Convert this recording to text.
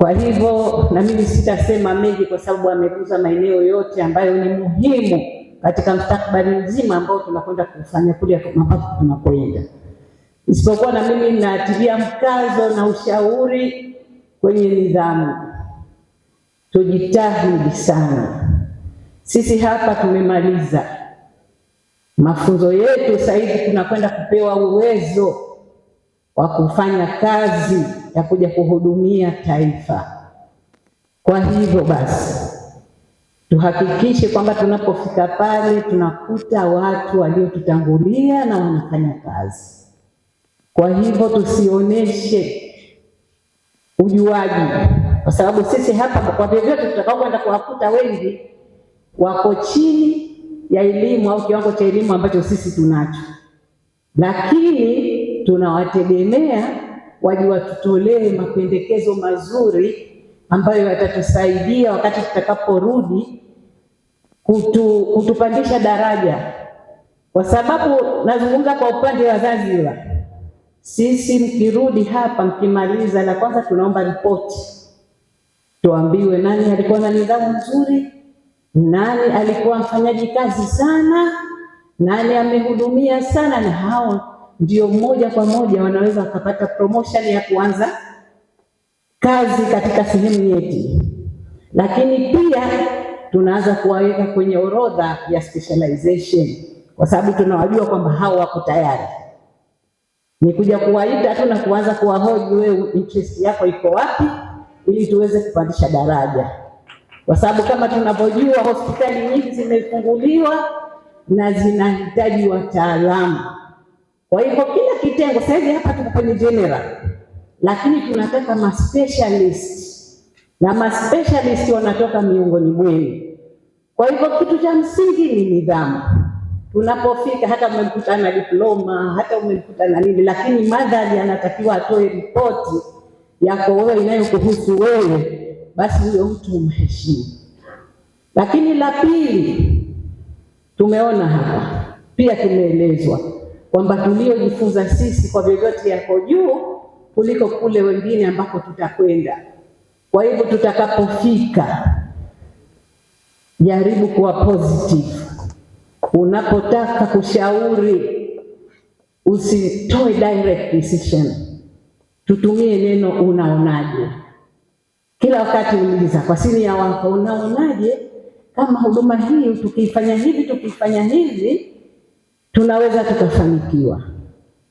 Kwa hivyo na mimi sitasema mengi, kwa sababu ameguza maeneo yote ambayo ni muhimu katika mstakabali mzima ambao tunakwenda kufanya kule ambapo tunakwenda, isipokuwa na mimi ninatilia mkazo na ushauri kwenye nidhamu. Tujitahidi sana. Sisi hapa tumemaliza mafunzo yetu, sasa hivi tunakwenda kupewa uwezo wa kufanya kazi ya kuja kuhudumia taifa. Kwa hivyo basi tuhakikishe kwamba tunapofika pale tunakuta watu waliotutangulia na wanafanya kazi. Kwa hivyo tusionyeshe ujuaji, kwa sababu sisi hapa kwa vyovyote tutakao kwenda kuwakuta wengi wako chini ya elimu au kiwango cha elimu ambacho sisi tunacho, lakini tunawategemea waje watutolee mapendekezo mazuri ambayo yatatusaidia wakati tutakaporudi kutu, kutupandisha daraja, kwa sababu nazungumza kwa upande wa Zanzibar. Sisi mkirudi hapa, mkimaliza, la kwanza tunaomba ripoti, tuambiwe nani alikuwa na nidhamu nzuri, nani alikuwa mfanyaji kazi sana, nani amehudumia sana, na hao ndio moja kwa moja wanaweza wakapata promotion ya kuanza kazi katika sehemu yetu, lakini pia tunaanza kuwaweka kwenye orodha ya specialization, kwa sababu tunawajua kwamba hao wako tayari. Ni kuja kuwaita tu na kuanza kuwahoji, wewe interest yako iko wapi, ili tuweze kupandisha daraja, kwa sababu kama tunavyojua hospitali nyingi zimefunguliwa na zinahitaji wataalamu kwa hiyo kila kitengo sasa hivi hapa tuko kwenye general, lakini tunataka ma specialist na ma specialist wanatoka miongoni mwenu. Kwa hivyo kitu cha msingi ni nidhamu. Tunapofika hata na diploma, hata umemkutana nini, lakini madhali anatakiwa atoe ripoti yako wewe inayokuhusu wewe, basi huyo mtu umheshimu. Lakini la pili tumeona hapa pia tumeelezwa kwamba tuliojifunza sisi kwa vyovyote yako juu kuliko kule wengine ambako tutakwenda. Kwa hivyo tutakapofika, jaribu kuwa positive. Unapotaka kushauri, usitoe direct decision, tutumie neno unaonaje. Kila wakati uliza kwa ya wako, unaonaje kama huduma hii tukiifanya hivi, tukiifanya hivi tunaweza tukafanikiwa.